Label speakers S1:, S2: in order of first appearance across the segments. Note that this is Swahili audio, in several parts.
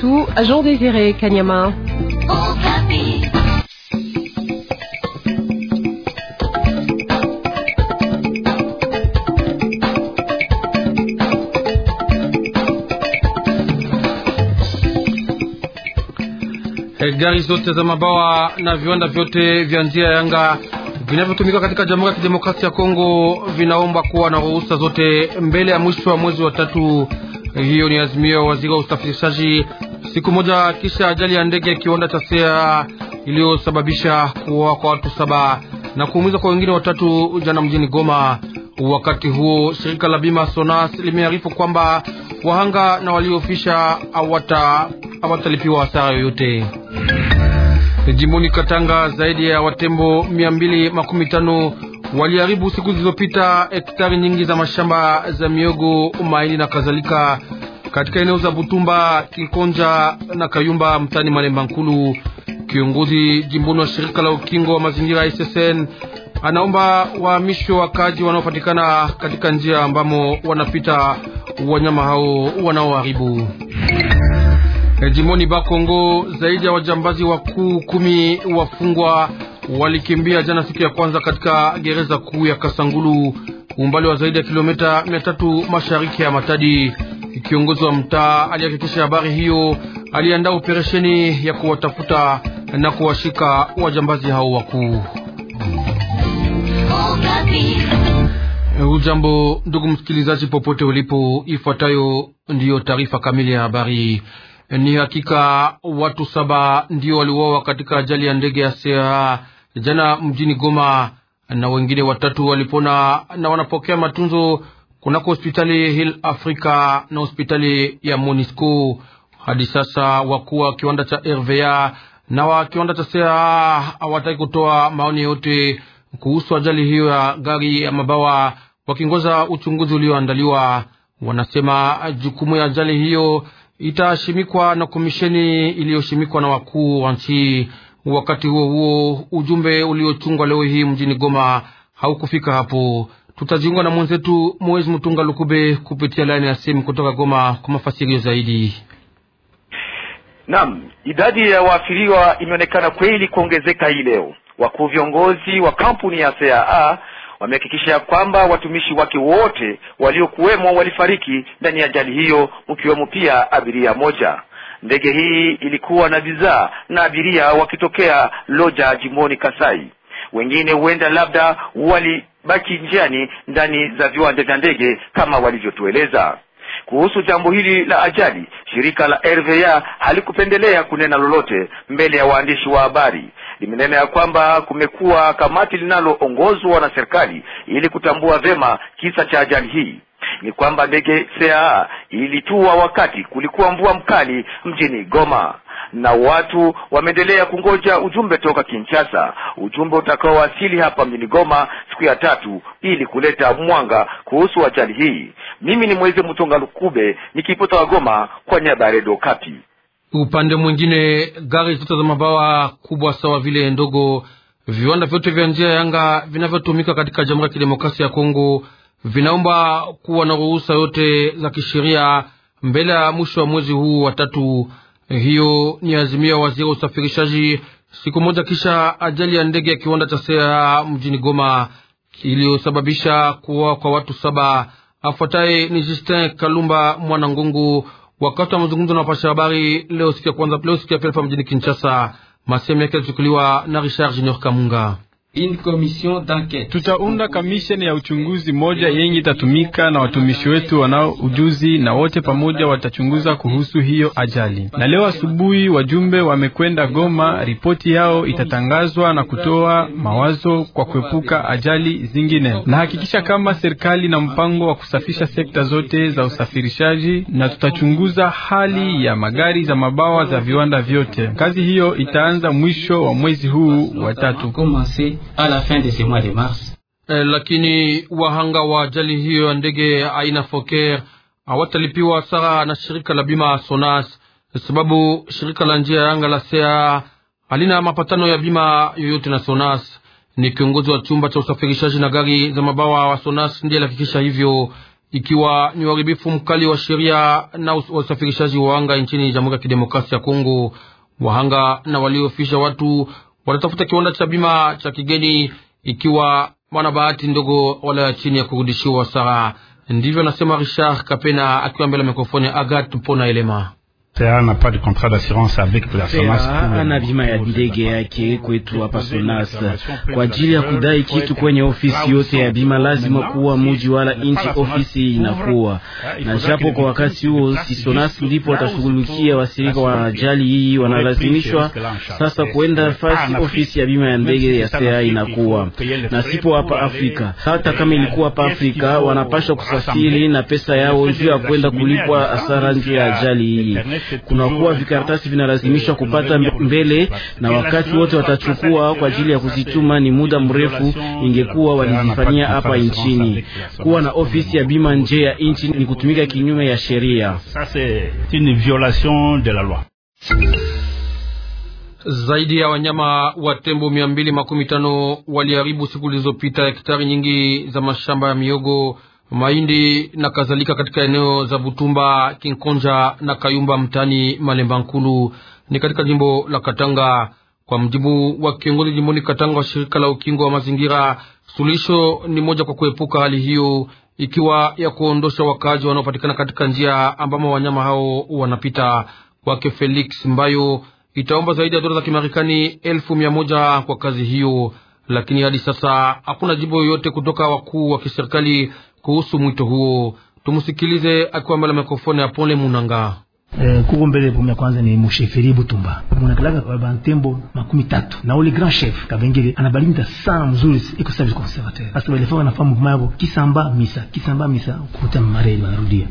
S1: tout, à Jean Désiré Kanyama.
S2: Gari zote za mabawa na viwanda vyote vya njia vinavyotumika katika Jamhuri ya Kidemokrasia ya Kongo vinaomba kuwa na ruhusa zote mbele ya mwisho wa mwezi wa tatu. Hiyo ni azimio waziri wa usafirishaji siku moja kisha ajali ya ndege ya kiwanda cha sea iliyosababisha kuwa kwa watu saba na kuumizwa kwa wengine watatu jana mjini Goma. Wakati huo shirika la bima Sonas limearifu kwamba wahanga na waliofisha hawatalipiwa hasara yoyote. Jimboni Katanga, zaidi ya watembo mia mbili makumi tano waliharibu siku zilizopita hektari nyingi za mashamba za miogo, mahindi na kadhalika katika eneo za Butumba, Kikonja na Kayumba mtani Malemba Nkulu. Kiongozi jimboni wa shirika la ukingo wa mazingira SSN anaomba wahamishwe wakaji wanaopatikana katika njia ambamo wanapita wanyama hao wanaoharibu E, Jimboni Bakongo, zaidi ya wajambazi wakuu kumi wafungwa walikimbia jana siku ya kwanza katika gereza kuu ya Kasangulu, umbali wa zaidi ya kilomita tatu mashariki ya Matadi. Kiongozi wa mtaa alihakikisha habari hiyo, aliandaa operesheni ya kuwatafuta na kuwashika wajambazi hao wakuu. Ujambo ndugu msikilizaji, popote ulipo, ifuatayo ndiyo taarifa kamili ya habari. Ni hakika watu saba ndio waliuawa katika ajali ya ndege ya sea jana mjini Goma, na wengine watatu walipona na wanapokea matunzo kunako hospitali Hill Africa na hospitali ya Monisco. Hadi sasa wakuu wa kiwanda cha RVA na wa kiwanda cha sea hawataki kutoa maoni yote kuhusu ajali hiyo ya gari ya mabawa, wakingoza uchunguzi ulioandaliwa. Wanasema jukumu ya ajali hiyo itashimikwa na komisheni iliyoshimikwa na wakuu wa nchi. Wakati huo huo, ujumbe uliochungwa leo hii mjini Goma haukufika hapo. Tutajiunga na mwenzetu Moezi Mtunga Lukube kupitia laini ya simu kutoka Goma kwa mafasirio zaidi.
S3: Naam, idadi ya waathiriwa imeonekana kweli kuongezeka hii leo. Wakuu viongozi wa kampuni ya CAA wamehakikisha ya kwamba watumishi wake wote waliokuwemo walifariki ndani ya ajali hiyo, mkiwemo pia abiria moja. Ndege hii ilikuwa na bidhaa na abiria wakitokea Loja jimboni Kasai. Wengine huenda labda walibaki njiani ndani za viwanja vya ndege kama walivyotueleza. Kuhusu jambo hili la ajali, shirika la RVA halikupendelea kunena lolote mbele ya waandishi wa habari, imenena ya kwamba kumekuwa kamati linaloongozwa na serikali ili kutambua vyema kisa cha ajali hii. Ni kwamba ndege sea ilitua wakati kulikuwa mvua mkali mjini Goma na watu wameendelea kungoja ujumbe toka Kinshasa, ujumbe utakaowasili hapa mjini Goma siku ya tatu ili kuleta mwanga kuhusu ajali hii. Mimi ni Mweze Mtonga Lukube nikipota wa Goma kwa niaba ya Kapi.
S2: Upande mwingine gari zote za mabawa kubwa sawa vile ndogo, viwanda vyote vya njia yanga vinavyotumika katika Jamhuri ya Kidemokrasia ya Kongo vinaomba kuwa na ruhusa yote za kisheria mbele ya mwisho wa mwezi huu wa tatu. Hiyo ni azimia waziri wa usafirishaji siku moja kisha ajali ya ndege ya kiwanda cha sea mjini Goma iliyosababisha kuwa kwa watu saba. Afuataye ni Justin Kalumba Mwanangungu wakati wa mazungumzo na wapasha habari leo siku ya kwanza, leo siku ya pili hapa mjini Kinshasa. Masehemu yake yalichukuliwa na Richard Junior Kamunga.
S4: Tutaunda kamisheni ya uchunguzi moja yenye itatumika na watumishi wetu wanao ujuzi, na wote pamoja watachunguza kuhusu hiyo ajali. Na leo asubuhi wajumbe wamekwenda Goma, ripoti yao itatangazwa na kutoa mawazo kwa kuepuka ajali zingine. Nahakikisha kama serikali na mpango wa kusafisha sekta zote za usafirishaji, na tutachunguza hali ya magari za mabawa za viwanda vyote. Kazi hiyo itaanza mwisho wa mwezi huu wa tatu à la fin de ce
S5: mois de mars.
S2: Eh, lakini wahanga wa ajali hiyo ya ndege aina Fokker hawatalipiwa hasara na shirika la bima Sonas, sababu shirika la njia ya anga la SEA halina mapatano ya bima yoyote na Sonas. Ni kiongozi wa chumba cha usafirishaji na gari za mabawa wa Sonas ndiye alihakikisha hivyo, ikiwa ni uharibifu mkali wa sheria na usafirishaji wa anga nchini Jamhuri ya Kidemokrasia ya Kongo. Wahanga na waliofisha watu wanatafuta kiwanda cha bima cha kigeni, ikiwa wana bahati ndogo wala chini ya kurudishiwa sara. Ndivyo anasema Richard Kapena akiwa mbele ya mikrofoni Agat Mpona Elema
S5: ana bima ya ndege yake kwetu hapa Sonas kwa ajili ya kudai kitu kwenye ofisi yote ya bima, lazima kuwa muji wala inchi ofisi inakuwa ah, na japo. Kwa wakati huo si Sonas ndipo watashughulikia wasirika wa ajali hii, wanalazimishwa sasa kuenda fasi ofisi ya bima ya ndege ya sea inakuwa na sipo hapa Afrika. Hata kama ilikuwa hapa Afrika, wanapasha kusafiri na pesa yao juu ya kwenda kulipwa asara ah, ndio ya ajali hii kunakuwa vikaratasi vinalazimishwa kupata mbele, na wakati wote watachukua kwa ajili ya kuzituma ni muda mrefu, ingekuwa walizifanyia hapa nchini. Kuwa na ofisi ya bima nje ya nchi ni kutumika kinyume ya sheria.
S2: Zaidi ya wanyama wa tembo mia mbili makumi tano waliharibu siku zilizopita hektari nyingi za mashamba ya miogo mahindi na kadhalika katika eneo za Butumba, Kinkonja na Kayumba mtani Malemba Nkulu ni katika jimbo la Katanga. Kwa mjibu wa kiongozi jimboni Katanga wa shirika la ukingo wa mazingira, suluhisho ni moja kwa kuepuka hali hiyo, ikiwa ya kuondosha wakaaji wanaopatikana katika njia ambamo wanyama hao wanapita. Kwake Felix Mbayo itaomba zaidi ya dola za Kimarekani elfu mia moja kwa kazi hiyo, lakini hadi sasa hakuna jibu yoyote kutoka wakuu wa kiserikali kuhusu mwito huo, tumsikilize akiwa mbele mikrofoni ya Pole Munanga.
S5: Eh, kuko mbele bomu ya kwanza ni musheferi Butumba munakalaka bantembo makumi tatu na ule grand chef Kabengele anabalimita sana mzuri, iko service conservateur hasa balifaka nafaa muvuma yabo kisamba misa kisamba misa kukuta mare wanarudia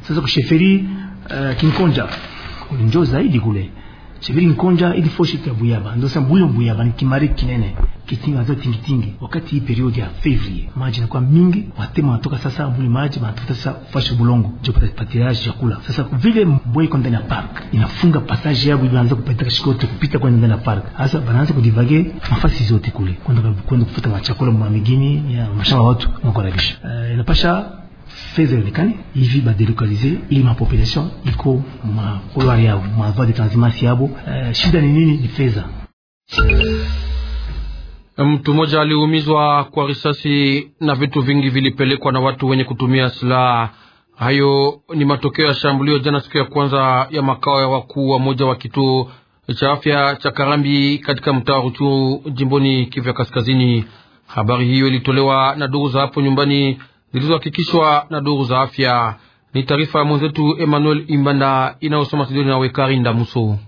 S5: sasa kusheferi uh, eh, Kinkonja kulinjo zaidi kule Cheviri Nkonja ili foshi kwa Buyaba ndosa mbuyo Buyaba ni kimari kinene kitingi hata tingitingi. Wakati hii periodi ya February maji yanakuwa mingi, watema wanatoka sasa mbuni maji wanatafuta sasa fashi bulongo ndio ya kula. Sasa vile mbwe iko ndani ya park inafunga passage yao, inaanza kupita kashikote kupita kwa ndani ya park, sasa banaanza kudivage mafasi zote kule kwenda kwenda kufuta machakula mwamigini ya mashamba watu mwakarabisha, uh, eh, inapasha fedha hivi badelokalize ili mapopulation iko makoloari yao mavoi de transimasi yabo. Uh, shida ni nini? Ni fedha.
S2: Mtu mmoja aliumizwa kwa risasi na vitu vingi vilipelekwa na watu wenye kutumia silaha. Hayo ni matokeo ya shambulio jana siku ya kwanza ya makao ya wakuu wa moja wa kituo cha afya cha Karambi katika mtaa wa Ruchuru jimboni Kivu ya Kaskazini. Habari hiyo ilitolewa na ndugu za hapo nyumbani zilizohakikishwa na duru za afya. Ni taarifa ya mwenzetu Emmanuel Imbanda inayosoma studioni na Wekari Ndamuso.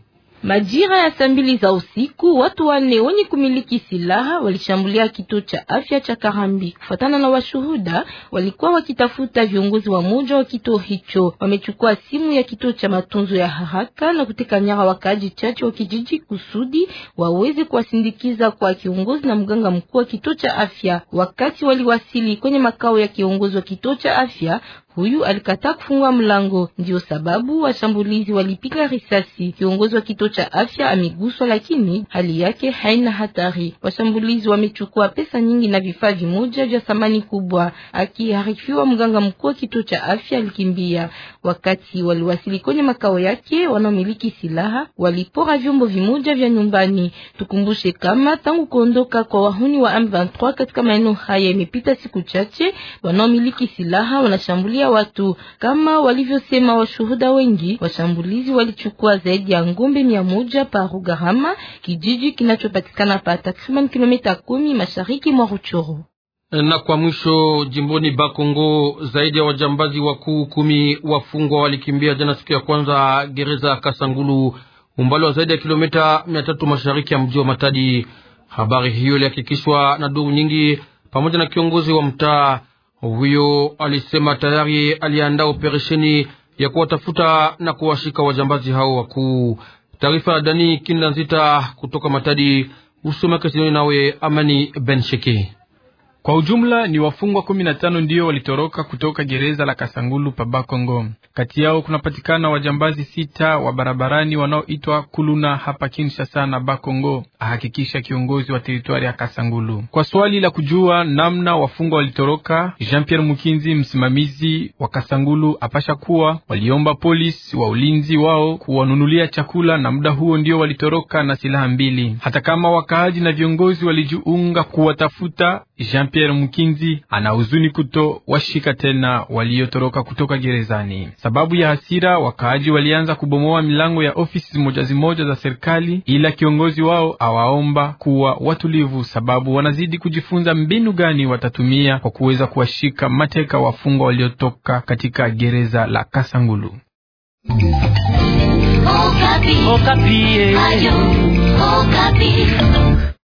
S1: Majira ya saa mbili za usiku watu wanne wenye kumiliki silaha walishambulia kituo cha afya cha Karambi. Kufuatana na washuhuda, walikuwa wakitafuta viongozi wa moja wa kituo hicho. Wamechukua simu ya kituo cha matunzo ya haraka na kuteka nyara wakaaji chache wa kijiji kusudi waweze kuwasindikiza kwa kiongozi na mganga mkuu wa kituo cha afya. Wakati waliwasili kwenye makao ya kiongozi wa kituo cha afya, Huyu alikataa kufungua mlango, ndio sababu washambulizi walipiga risasi. Kiongozi wa kituo cha afya ameguswa, lakini hali yake haina hatari. Washambulizi wamechukua pesa nyingi na vifaa vimoja vya thamani kubwa. Akiharifiwa, mganga mkuu wa kituo cha afya alikimbia. Wakati waliwasili kwenye makao yake, wanaomiliki silaha walipora vyombo vimoja vya nyumbani. Tukumbushe kama tangu kuondoka kwa wahuni wa M23 katika maeneo haya imepita siku chache, wanaomiliki silaha wanashambulia ya watu. Kama walivyosema washuhuda wengi, washambulizi walichukua zaidi ya ngombe mia moja pa Rugarama, kijiji kinachopatikana pa takriban kilomita kumi mashariki mwa Ruchuru
S2: na kwa mwisho jimboni Bakongo, zaidi ya wajambazi wakuu kumi wafungwa walikimbia jana siku ya kwanza gereza ya Kasangulu, umbali wa zaidi ya kilomita mia tatu mashariki ya mji wa Matadi. Habari hiyo ilihakikishwa na duru nyingi pamoja na kiongozi wa mtaa. Huyo alisema tayari aliandaa operesheni ya kuwatafuta na kuwashika wajambazi hao wakuu. Taarifa ya Dani kinda nzita kutoka Matadi. Usomeke Sidoni nawe Amani Bensheke.
S4: Kwa ujumla ni wafungwa kumi na tano walitoroka kutoka gereza la Kasangulu pa Bakongo. Kati yao kunapatikana wajambazi sita wa barabarani wanaoitwa Kuluna hapa Kinshasa na Bakongo, ahakikisha kiongozi wa teritwari ya Kasangulu. Kwa swali la kujua namna wafungwa walitoroka, Jean Pierre Mukinzi, msimamizi wa Kasangulu, apasha kuwa waliomba polisi wa ulinzi wao kuwanunulia chakula, na muda huo ndio walitoroka na silaha mbili, hata kama wakaaji na viongozi walijiunga kuwatafuta Jean Jean-Pierre Mukinzi ana huzuni kuto washika tena waliotoroka kutoka gerezani. Sababu ya hasira, wakaaji walianza kubomoa milango ya ofisi zimoja zimoja za serikali, ila kiongozi wao awaomba kuwa watulivu, sababu wanazidi kujifunza mbinu gani watatumia kwa kuweza kuwashika mateka wafungwa waliotoka katika gereza la Kasangulu.
S3: Okapi. Okapi. Eh. Ayo. Okapi.